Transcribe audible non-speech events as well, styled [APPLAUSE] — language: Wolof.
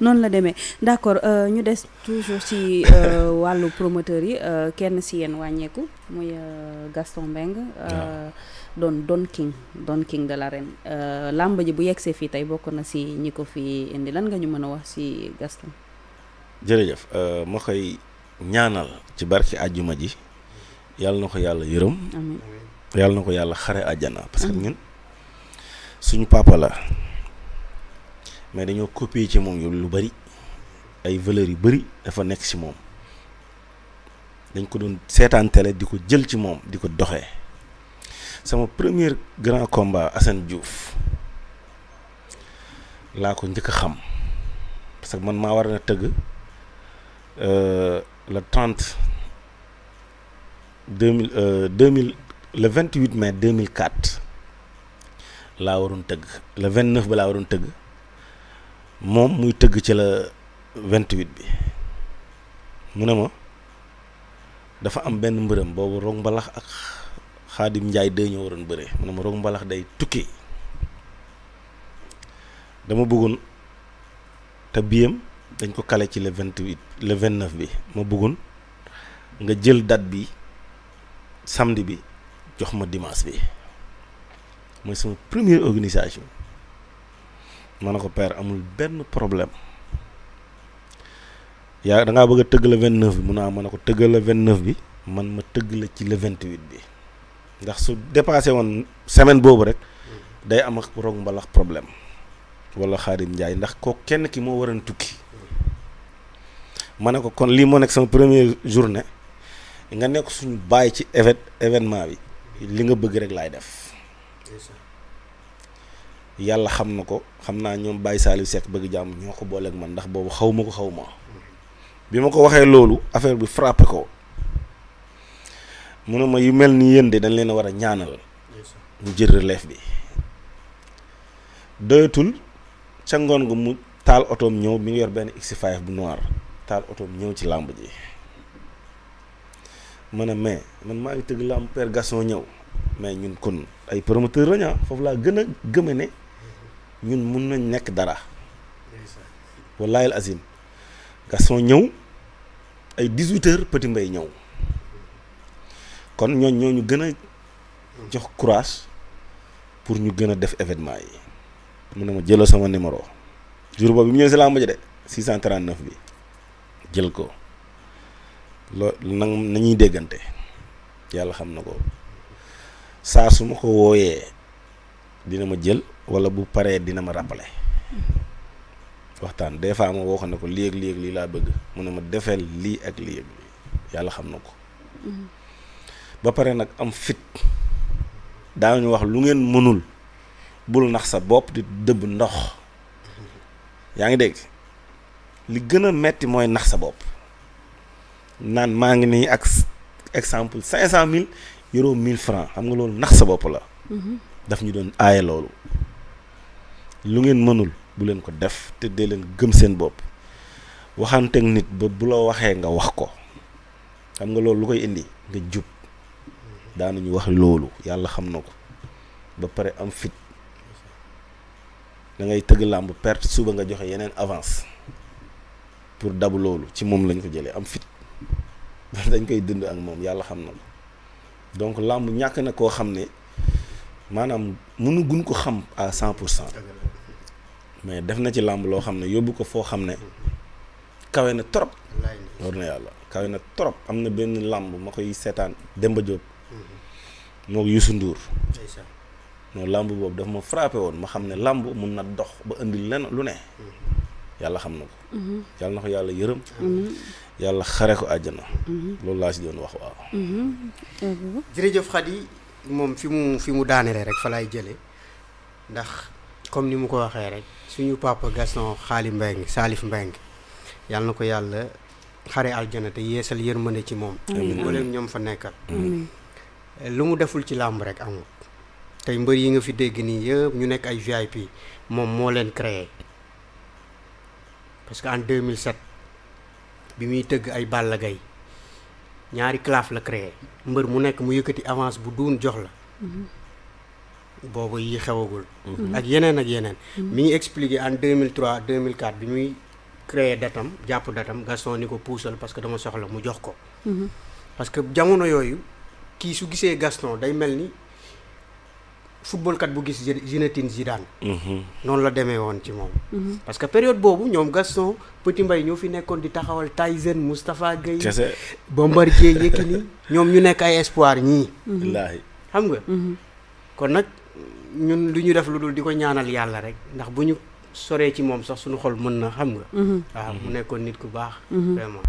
non la démé d'accord euh ñu des toujours ci euh, walu promoteur yi euh, kenn si yéen wañéku muy euh, Gaston Beng, doon Don don King Don King de euh lamba ji bu yexé fi tay bokk na ci ñiko fi indi lan nga ñu mëna wax si Gaston jërëjëf ma xey ñaanal ci barki aljuma ji yalla nako ko yàlla yërëm yàlla na ko yàlla xare àjjana parce que ñun suñu papa la mais dañoo copier ci moom lu bari ay valeurs yu bari dafa nekk ci moom dañ ko doon seetaan télé di ko jël ci moom di ko doxee sama premier grand combat Assane Diouf laa ko njëkk a xam parce que man maa war na tëgg euh, le 30 2000 euh, 2000 le 28 mai 2004 laa waroon tëgg le 29 ba laa waroon tëgg. moom muy tëgg ci la vingt 28 bi mu ne ma dafa am benn mbërëm boobu Rock Mbalax ak Xaadim Njaay de ñoo waroon bëree mu ne ma Rock Mbalax day tukki dama bëggoon te biyam dañ ko kale ci le 28 le 29 bi ma bëggoon nga jël dat bi samedi bi jox ma dimanche bi mooy sama première organisation ma ne ko père amul benn problème yaa da ngaa bëgg a tëgg la 29 bi mu naa ah, ma ne ko tëggal la 29 bi man ma tëgg la ci le 28 bi ndax su dépassé woon semaine boobu rek day am ak roog mbalax problème wala Xaadim Njaay ndax ko kenn ki moo waroon tukki ma ne ko kon lii moo nekk sama première journée nga nekk suñu bàyyi ci évét événement bi li nga bëgg rek laay def yalla xam na ko xam naa ñoom Baye Saliou Seck bëgg jàmm ñoo ko booleeg man ndax boobu xawma ma ko xawma ma bi ma ko waxee loolu affaire bi frappé ko mu ma yu mel ni yéen de dañ leen a war a ñaanal ñu jël relève bi doyatul ca ngoon gu mu taal otoom ñëw mi ngi yor benn X5 bu noir taal otoom ñëw ci lamb ji ma ne mais man maa ngi tëgg lamb Père Gaston ñëw mais ñun kon ay promoteur lañu ah, foofu laa gën a gëme ñun mun nañ nekk dara wallahi al azim soo ñëw ay 18 heures Mbay ñëw kon ñooñ ñoo ñu gën a jox courage pour ñu gën a def événement yi mu na ma jëlal sama numéro jour boobu bi mu ñëw si làmb ji de 639 bi jël ko loo nag nañuy déggante yàlla xam na ko saa su ma ko wooyee dina ma jël wala bu paré dina ma rappeler waxtan des fois mo waxo nako ko lii ak lii ak lii laa bëgg mu ne ma défel li ak ak xam nako ba pare nak am fit daañu wax lu ngeen mënul bul nax sa bop di deub ndox yaa ngi dégg li gëna metti moy nax sa bop nan maa ngi ak exemple 500000 euro 1.000 francs xam nga loolu nax sa bop la mhm. daf ñu doon ayé lu ngeen mënul bu leen ko def te de leen gëm seen bopp waxante nit ba bu la waxee nga wax ko xam nga loolu lu koy indi nga jub daanuñu wax loolu yàlla xam na ko ba pare am fit da ngay tëgg làmb perte suba nga joxe yeneen avance pour dab loolu ci moom lañ ko jëlee am fit [LAUGHS] dañ koy dund ak moom yàlla xam na ko donc làmb ñàkk na koo xam ne maanaam munu gun ko xam à 100%. mais def na ci làmb loo xam ne yóbbu ko foo xam ne kawe na trop. war na yàlla kawe na trop am na benn làmb ma koy seetaan Demba Diop. Mm-hmm. moog Youssou Ndour. làmb boobu daf ma frappé woon ma xam ne làmb mun na dox ba indi lenn lu ne. Mm-hmm. yàlla xam na ko. Mm-hmm. yàlla na ko yàlla yërëm. yàlla xare ko àjjana. loolu laa si doon wax waaw. jërëjëf Khady moom fi mu fi mu daanelee rek fa laay jëlee ndax. comme ni mu ko waxee rek suñu papa Gaston xaali Mbengue Salif Mbengue yàlla na ko yàlla xare aljana te yeesal yërmande ci moom. amiin mboolem ñoom fa nekkal. lu mu deful ci làmb rek amul. tey mbër yi nga fi dégg nii yëpp ñu nekk ay VIP moom moo leen créé parce que en 2007 bi muy tëgg ay Balla Gaye ñaari claf la créé mbër mu nekk mu yëkkati avance bu duun jox la. Mm-hmm. boobu yi xewagul. ak yeneen ak yeneen. mi ngi expliqué en 2003 2004 bi muy créé datam jàpp datam Gaston ni ko puusal parce que dama soxla mu jox ko. Mhm. parce que jamono yooyu kii su gisee Gaston day mel ni football kat bu gis Zinedine Zidane. Mhm. noonu la demee woon ci moom. Mhm. parce que période boobu ñoom Gaston Petit mbay ñoo fi nekkoon di taxawal Tyson Moustapha Gueye. kese Bombardier Yékini ñoom ñu nekk ay espoir ñii. xam nga. kon nag. ñun lu ñu def lu dul di ko ñaanal yàlla rek ndax bu ñu soree ci moom sax suñu xol mën na xam nga. Mm-hmm. waaw mu nekkoon nit ku baax. Mm-hmm. vraiment.